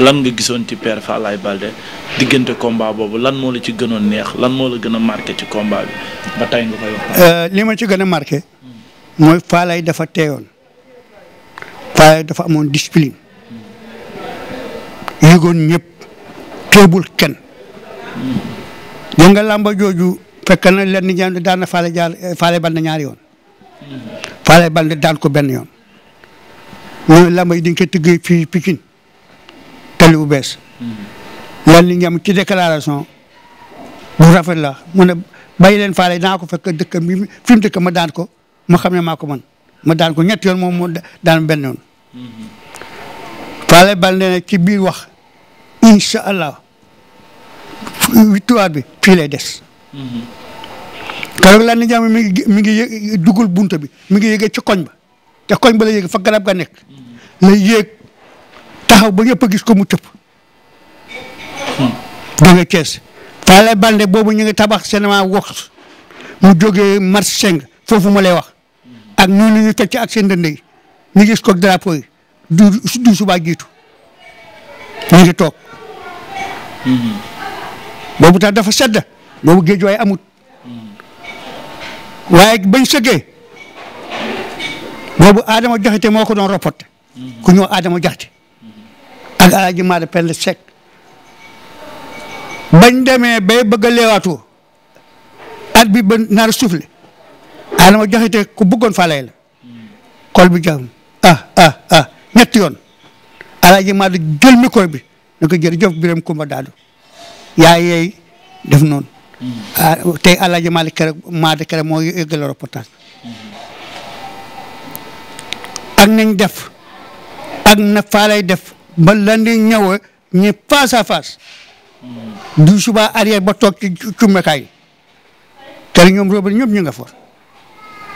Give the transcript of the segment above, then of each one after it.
lan nga gisoon ci père Falaye Balde diggante komba boobu lan moo la ci gënoon neex lan moo la gën a marqué ci komba bi ba tey nga euh, li ma ci gën a marqué mooy Falaye dafa teewoon Falaye dafa amoon discipline yëgoon ñépp teebul kenn nga làmba jooju fekk na lenn ñaan daan na Falaye jaar Falaye Balde ñaari yoon Falaye Balde daan ko benn yoon ñooy làmba yi dañ tëggee fii Pikine tali bu bees. lan li ngeen ci déclaration bu rafet la mu ne bàyyi leen faale naa ko fekk dëkk bi fi mu dëkk ma daan ko ma xam ne maa ko man ma daan ko ñetti yoon moom moo daan benn yoon. faale bal nee na ci biir wax incha allah victoire bi fii lay des. keroog lan ni jàmm mi ngi mi ngi dugul bunta bi mi ngi yëgee ci koñ ba te koñ ba la yëg fa garab ga nekk. lay yëg taxaw ba ñëpp gis ko mu cëp da nga kees Fale Bande boobu ñu ngi tabax cinéma wax mu jógee marché seng foofu ma lay wax ak ñun ñu teg ci ak seen dënd yi ñu gis ko drapeau yi du du subaa jiitu ñu ngi toog. Hmm. boobu tax dafa sedd boobu géej waaye amut hmm. waaye bañ sëggee boobu Adama Jaxate moo ko doon roppote hmm. ku ñëw Adama Jaxate ak alaaji Maada Penda Seck bañ demee bay bëgg a leewaatoo bi ba nar a soufflé Adama Jaxate ku bëggoon falay la xol bi jaam ah ah ah ñetti yoon alaaji Maada jël micro bi na ko jërëjëf Biram Kumba Daadu yaay def noonu ah tey alaaji Maada kere Maada kere moo reportage ak nañ def ak na faalay def mbalande ñawa ñi face à face du suba arrière ba toog ci cummekaay te ñoom robal ñoom ñu nga for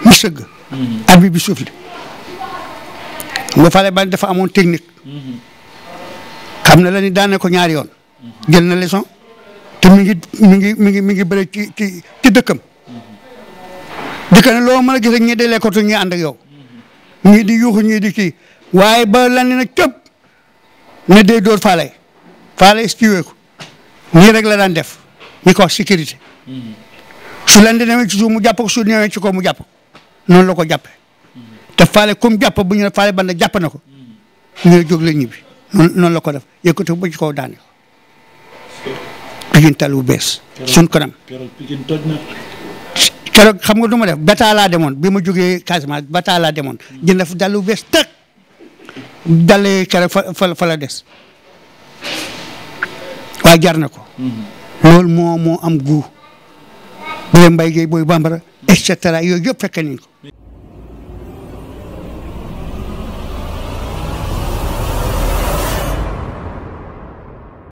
ñu sëgg mm-hmm. arbi bi suuf li nga fale ban dafa amoon technique mm-hmm. xam na la ni daane ko ñaari yoon mm-hmm. jël na leçon te mi ngi mi ngi mi ngi mi ngi bëri ci dëkkam dëkk ne loo mën a gis rek ñii di lekkatu ñii yow ñii di yuuxu ñii di kii waaye ba lan nag ne day dóor Faalaye Faalaye esquivé ko nii rek la daan def ñu ko sécurité mm-hmm. su leen di demee ci mu jàpp ko su ñëwee ci kaw mu jàpp noonu la ko jàpp mm-hmm. te Faalaye comme jàpp bu ñu ne Faalaye Banda jàpp na ko mm-hmm. ñu ne jóg la ñibbi noonu la ko def yëkkati ko ba ci kaw daane ko. Pikine tal bu bees. suñ kanam keroog Pikine xam nga du ma def bataa laa demoon bi ma jógee Casamance bataa laa demoon. jënd fa dàll bu bees tëkk. dalee keroog fa fa des waaye jar na ko. Mm-hmm. loolu moo moo am gu bu dee booy bambara et cetera yooyu yëpp fekk nañ ko.